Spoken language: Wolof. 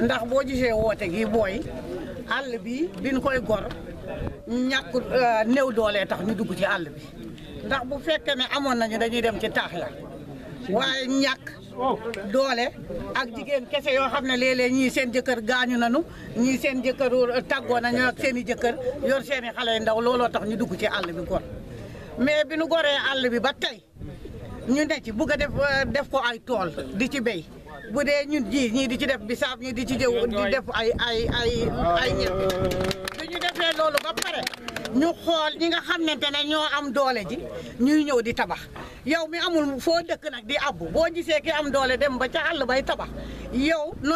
ndax boo gisee woote gi booy àll bi biñ koy gor ñàkk euh, néew doolee tax ñu dugg ci àll bi ndax bu fekkee ne amoon nañu dañuy dem ci taax ya waaye ñàkk doole ak jigéen kese yoo xam ne léeg-léeg ñii seen jëkkër gaañu nañu ñii seen jëkkër euh, tàggoo nañu ak seen jëkkër yor seen i xale ndaw looloo tax ñu dugg ci àll bi gor mais bi nu goree àll bi ba tey ñu ne ci bugg a def euh, def ko ay tool di ci béy bu dee ñun ji ñii di ci def bisaab ñii di ci jëw di def ay ay ay ay ñebe bi ñu defee loolu ba pare ñu xool ñi nga xam xamante ne ñoo am doole ji ñuy ñëw di tabax yow mi amul foo dëkk nag di abbu boo gisee ki am doole dem ba ca àll bay tabax yow nooy